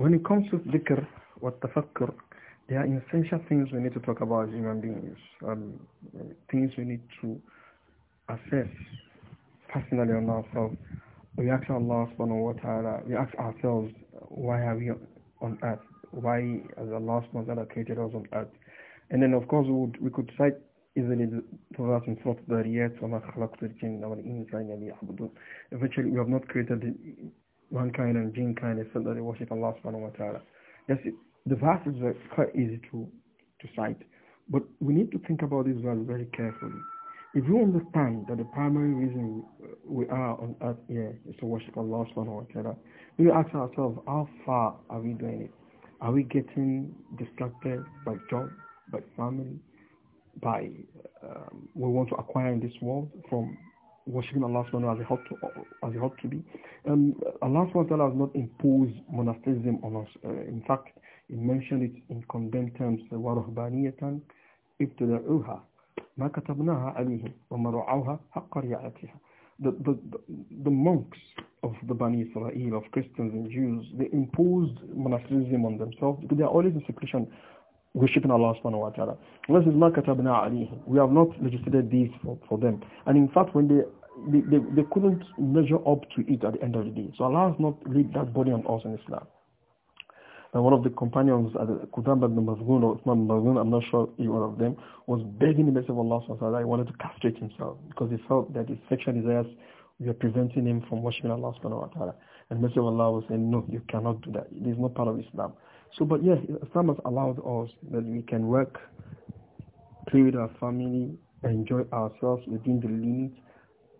When it comes to dhikr or tafakkur, there are essential things we need to talk about as human beings, and uh, things we need to assess personally on ourselves. We ask Allah subhanahu wa ta'ala, we ask ourselves, why are we on earth? Why has Allah subhanahu wa ta'ala created us on earth? And then of course we, would, we could cite easily the verse in Surah Dariyat, وَمَا خَلَقْتُ الْجِنَّ وَالْإِنسَانَ لِيَعْبُدُونَ Eventually we have not created the mankind and being kind is that they worship Allah subhanahu wa ta'ala. Yes, The verses are quite easy to, to cite. But we need to think about this verse very carefully. If you understand that the primary reason we are on earth here is to worship Allah subhanahu wa ta'ala, we ask ourselves, how far are we doing it? Are we getting distracted by job, by family, by um, we want to acquire in this world from worshipping Allah subhanahu as it ought to, as it ought to be. Um, Allah subhanahu wa has not imposed monasticism on us. Uh, in fact, he mentioned it in condemned terms, وَرُهْبَانِيَةً ابْتَدَعُوهَا مَا كَتَبْنَاهَا عَلَيْهِمْ وَمَرَعَوْهَا حَقَّ رِعَاتِهَا the, the, the monks of the Bani Israel, of Christians and Jews, they imposed monasticism on themselves because they are always in seclusion worshipping Allah subhanahu wa ta'ala. This is مَا كَتَبْنَا عَلَيْهِمْ We have not legislated these for, for them. And in fact, when they they, they, they, couldn't measure up to it at the end of the day. So Allah has not laid that burden on us in Islam. And one of the companions, uh, Qudam ibn Mazgun or Uthman Mazgun, I'm not sure either one of them, was begging the message of Allah subhanahu he wanted to castrate himself because he felt that his sexual desires were preventing him from worshiping Allah subhanahu wa ta'ala. And Messenger of Allah was saying, no, you cannot do that. It is not part of Islam. So, but yes, Islam has allowed us that we can work, play with our family, enjoy ourselves within the limits,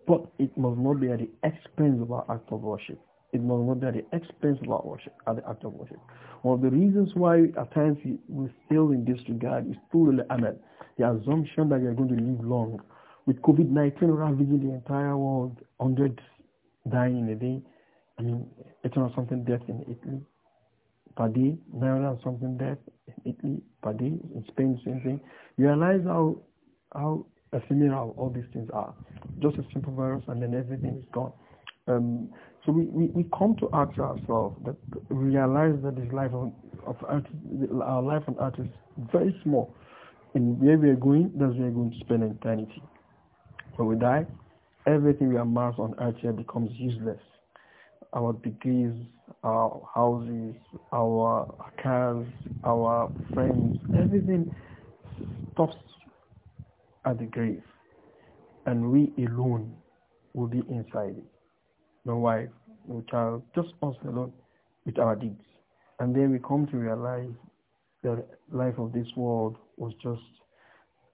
but it must not be at the expense of our act of worship. It must not be at the expense of our worship, at the act of worship. One of the reasons why at times we fail in this regard is totally the amen, the assumption that we are going to live long. With COVID-19 ravaging the entire world, hundreds dying in a day, I mean, 800 something death in Italy per day, 900 something death in Italy per day, in Spain, same thing. You realize how, how ephemeral all these things are. Just a simple virus and then everything is gone. Um, so we, we, we, come to ask ourselves that realize that this life on, of earth, our life on earth is very small. And where we are going, that's where we're going to spend eternity. When we die, everything we amass on earth here becomes useless our degrees, our houses, our cars, our friends, everything stops at the grave. And we alone will be inside it. No wife, no child, just us alone with our deeds. And then we come to realize the life of this world was just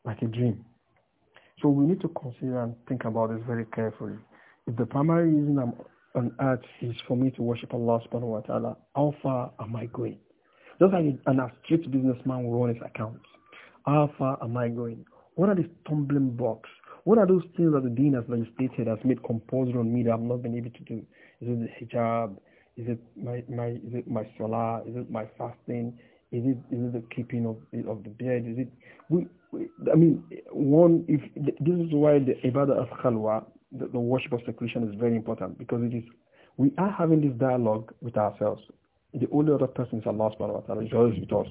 like a dream. So we need to consider and think about this very carefully. If the primary reason I'm on earth is for me to worship Allah subhanahu wa ta'ala. How far am I going? Just like an astute businessman will run his accounts. How far am I going? What are the stumbling blocks? What are those things that the dean has legislated, has made compulsory on me that I've not been able to do? Is it the hijab? Is it my, my, is it my salah? Is it my fasting? Is it, is it the keeping of, of the beard? Is it, we, we I mean, one, if, this is why the ibadah of khalwa, the, the worship of seclusion is very important because it is we are having this dialogue with ourselves. The only other person is Allah subhanahu wa ta'ala, is always with us.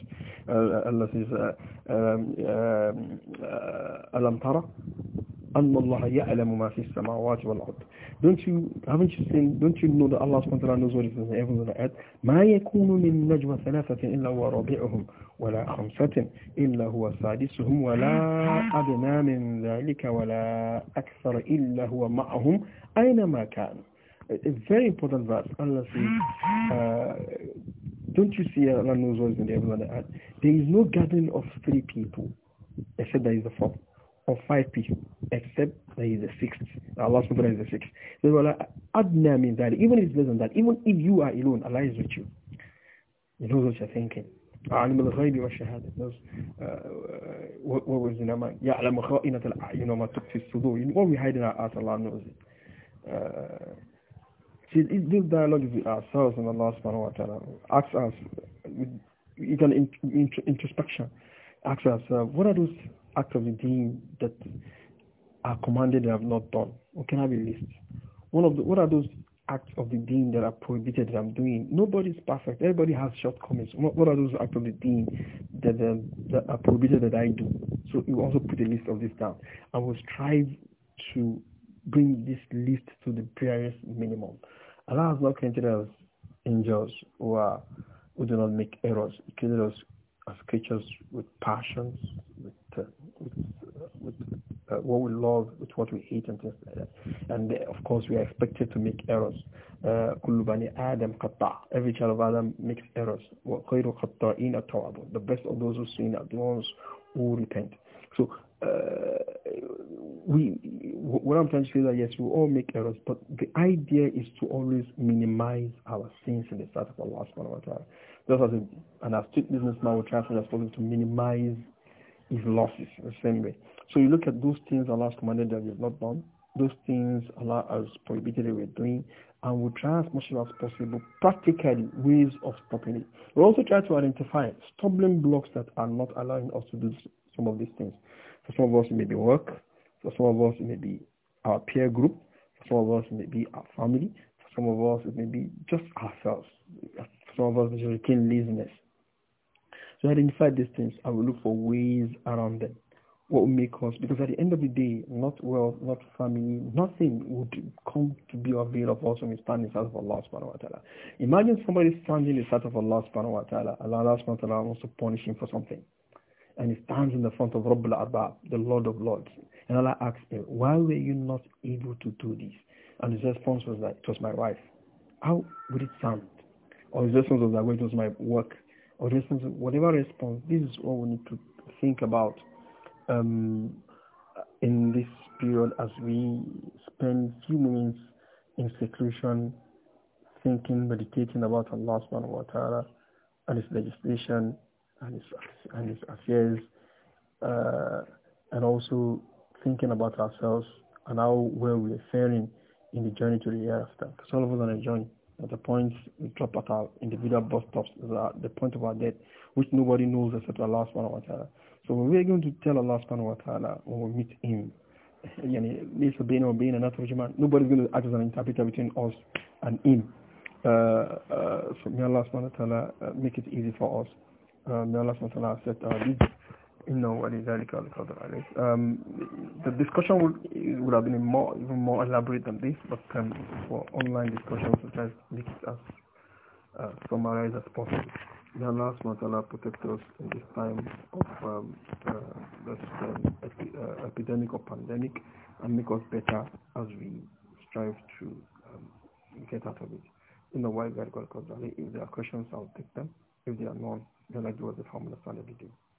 Uh, uh, Allah says, uh, um, um, Alam tara أن الله يعلم ما في السماوات والأرض don't you haven't you seen don't you know that Allah سبحانه وتعالى knows what is in the heavens and the earth ما يكون من نجوى ثلاثة إلا هو رابعهم ولا خمسة إلا هو سادسهم ولا أدنى من ذلك ولا أكثر إلا هو معهم أينما كان. It's very important that Allah says uh, don't you see Allah knows what is in the heavens and the earth there is no gathering of three people except there is a fourth of 5p except there is a the sixth. Allah subhanahu wa taala is the sixth. So Allah adna min that. Even if it's less than that, even if you are alone, Allah is with you. He knows what you're thinking. عالم الغيب والشهادة knows what was in our mind يعلم خائنة الأعين وما تخفي الصدور what we hide in our hearts Allah knows it uh, see this dialogue with ourselves and Allah subhanahu wa ta'ala asks us with, with an introspection asks ourselves what are those acts of the deen that are commanded that have not done Can I be list? One of the, what are those acts of the deen that are prohibited that I'm doing? Nobody is perfect. Everybody has shortcomings. What, what are those acts of the deen that, that are prohibited that I do? So you also put a list of this down. I will strive to bring this list to the barest minimum. Allah has not created us angels who, are, who do not make errors. He created us as creatures with passions, with uh, what we love, with what we hate, and things like that. And of course, we are expected to make errors. Kulubani uh, Adam آدم Every child of Adam makes errors. The best of those who sin are the ones who repent. So uh, we what I'm trying to say is that yes, we all make errors, but the idea is to always minimize our sins in the sight of Allah subhanahu wa ta'ala. Just as an astute businessman will try as to minimize his losses the same way. So you look at those things Allah has commanded that we have not done, those things Allah has prohibited that we're doing, and we try as much as possible, practically, ways of stopping it. We also try to identify stumbling blocks that are not allowing us to do some of these things. For some of us, it may be work. For some of us, it may be our peer group. For some of us, it may be our family. For some of us, it may be just ourselves. For some of us, it may be laziness. To identify these things and we look for ways around them. What will make us, because at the end of the day, not wealth, not family, nothing would come to be available of us when we stand in front of Allah subhanahu wa ta'ala. Imagine somebody standing in front of Allah subhanahu wa ta'ala. Allah subhanahu wa ta'ala wants to punish him for something. And he stands in the front of Rabbul Arbab, the Lord of Lords. And Allah asks him, why were you not able to do this? And his response was that, it was my wife. How would it sound? Or his response was that, well, it was my work or response, whatever response, this is what we need to think about um, in this period as we spend few minutes in seclusion, thinking, meditating about Allah subhanahu wa ta'ala and His legislation and His, and his affairs, uh, and also thinking about ourselves and how well we are faring in the journey to the hereafter. Because all of us are on a journey at the points we drop at our individual bus stops at the point of our death, which nobody knows except Allah subhanahu wa ta'ala. So we are going to tell Allah subhanahu wa ta'ala when we meet him, yani, ليس بينه وبين another nobody's going to act as an interpreter between us and him. Uh, uh, so may Allah subhanahu wa ta'ala make it easy for us. Uh, may Allah subhanahu wa ta'ala accept our deeds. No, ولذلك القدر عليه. Um, the discussion would, would have been more, even more elaborate than this, but um, for online discussions, we try to make it as uh, summarized as possible. May Allah SWT protect us in this time of um, uh, this um, epi uh, epidemic or pandemic and make us better as we strive to um, get out of it. In the way, God, God, if there are questions, I'll take them. If there are none, then I do what the formula standard do.